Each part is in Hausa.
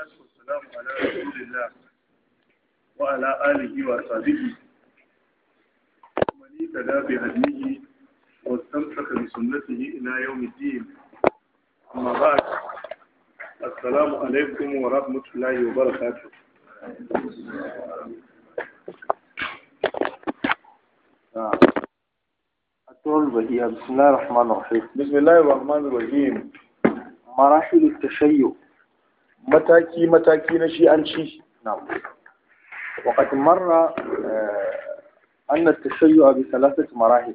والصلاة والسلام على رسول الله وعلى آله وصحبه ومن اهتدى بهديه واستمسك بسنته إلى يوم الدين أما بعد السلام عليكم ورحمة الله وبركاته بسم الله الرحمن الرحيم بسم الله الرحمن الرحيم مراحل التشيع mataki mataki na shi'anci na'am وقد مر أن التشيع بثلاثة مراحل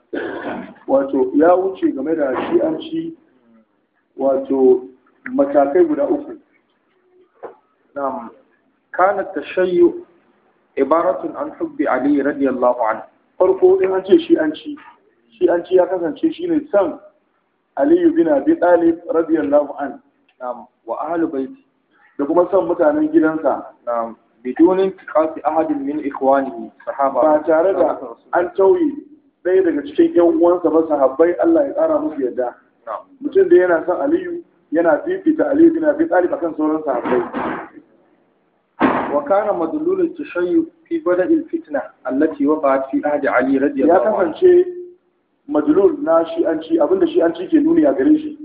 wato ya wuce game da shi'anci wato matakai guda uku na'am kana tashayyu ibaratun an hubbi ali radiyallahu anhu farko in an ce shi'anci shi'anci ya kasance shine san ali bin abi talib radiyallahu anhu na'am wa ahli baiti da kuma son mutanen gidansa na bidonin kasi ahadin min ikwani sahaba ba tare da an tauye ɗaya daga cikin yan uwansa ba sahabbai Allah ya ƙara musu yadda mutum da yana son Aliyu yana fifita Aliyu bin Abi Talib akan sauran sahabbai wa kana madlul at-tashayyu fi bada'il fitna allati waqa'at fi ahd Ali radiyallahu anhu ya kasance madlul na shi an ci abinda shi an ci ke nuni a gare shi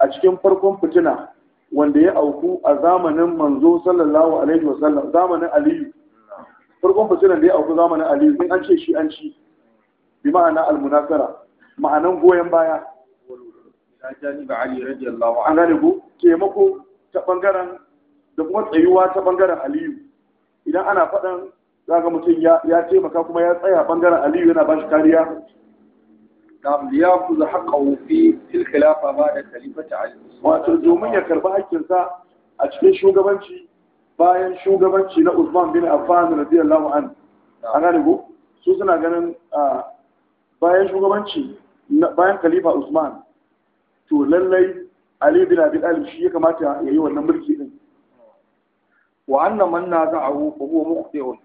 a cikin farkon fitina wanda ya auku a zamanin manzo sallallahu alaihi wa sallam zamanin aliyu farkon fasiran da ya auku zamanin aliyu in an ce shi an ci bi ma'ana almunasara ma'anan goyon baya an gane ku taimako ta bangaren da kuma tsayuwa ta bangaren aliyu idan ana faɗan za ga mutum ya taimaka kuma ya tsaya bangaren aliyu yana ba shi kariya نعم ليأخذ حقه في الخلافة بعد خليفة علي wato domin ya karba hakkinsa a cikin shugabanci bayan shugabanci na Usman bin Affan radiyallahu su suna ganin bayan shugabanci bayan khalifa Usman to lallai Ali bin Abi Talib shi ya kamata ya yi wannan mulki din wa anna man naza'ahu fa huwa muqti'un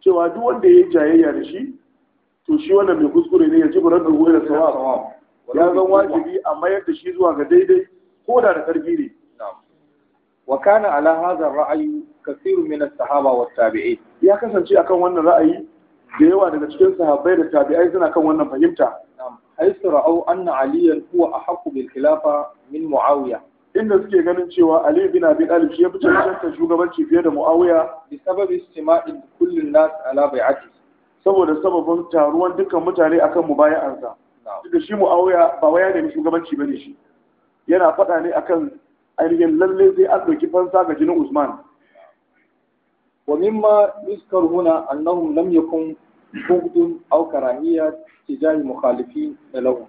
cewa duk wanda ya yi jayayya da shi to shi wannan mai kuskure ne ya ji burar da goyi da sawa ya zan wajibi a mayar da shi zuwa ga daidai ko da da karfi ne wa kana ala hadha ra'ayi kasiru min sahaba wa ya kasance akan wannan ra'ayi da yawa daga cikin sahabbai da tabi'ai suna kan wannan fahimta haisu ra'au anna aliyan huwa ahaqqu bil khilafa min muawiya inda suke ganin cewa Ali bin Abi Talib shi ya fi cancanta shugabanci fiye da Muawiya bi sababi istima'in kullun nas ala bai'ati saboda sababin taruwan dukkan mutane akan arza, da shi mu auya ba waya ne shugabanci bane shi yana faɗa ne akan ainihin lalle sai an doki fansa ga jinin Usman wa mimma yuskar huna annahum lam yakun bughdun aw karahiyya tijahi mukhalifi lahu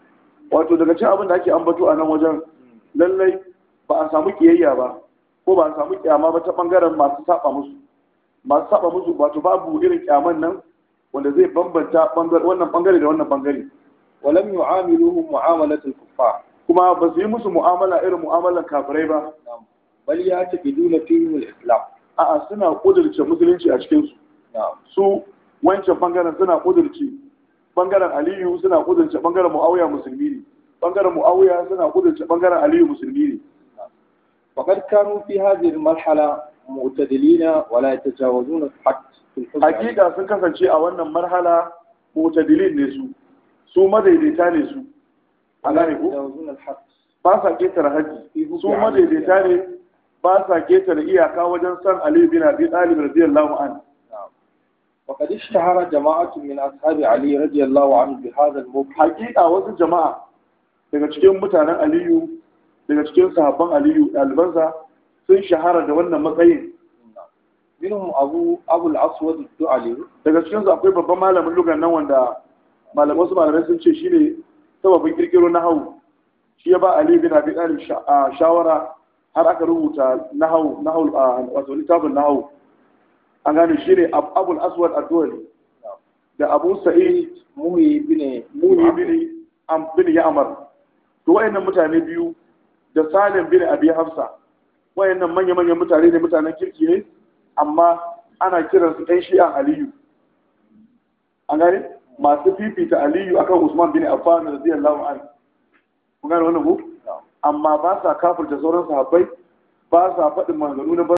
wato daga cikin abin da ake ambato a nan wajen hmm. lalle ba a samu kiyayya ba ko ba a samu kiyama ba ta bangaren masu saba musu masu saba musu wato babu irin kyaman nan wanda zai bambanta wannan bangare da wannan bangare walam yu'amiluhum mu'amalatul kuffar kuma ba su yi musu mu'amala irin mu'amalan kafirai ba bal ya ta biduna fihim al-islam a'a suna kudurce musulunci a cikin su su wancan bangaren suna kudurce bangaren aliyu suna kudurce bangaren muawiya musulmi ne bangaren muawiya suna kudurce bangaren aliyu musulmi ne faqad kanu fi hadhihi al-marhala mu'tadilina wa la yatajawazuna al-haqq hakika sun kasance a wannan marhala ko mutadilin ne su su madaidaita ne su Allah ku ba sa ketare haji su madaidaita ne ba sa ketare iyaka wajen san Ali bin Abi Talib radiyallahu anhu وقد اشتهر جماعة من أصحاب علي رضي الله عنه بهذا الموقف حقيقة wasu jama'a daga cikin mutanen Aliyu daga cikin sahabban Aliyu ɗalibansa sun shahara da wannan matsayin minhum abu abul aswad du'ali daga cikin akwai babban malamin lugan nan wanda malaman su malamai sun ce shine sababin kirkiro na hau shi ya ba ali bin abi talib shawara har aka rubuta nahau nahau wato littafin nahau an gane shine abul aswad ad da abu sa'id muni bin muni bin am bin ya'mar to wayannan mutane biyu da salim bin abi hafsa wayannan manya manyan mutane ne mutanen kirki ne amma ana kiransu ɗan shi'an aliyu an gani masu fifita aliyu akan usman bin affan radiyallahu an kun gani wannan ku amma ba sa kafirta sauran sahabbai ba sa faɗin maganganu na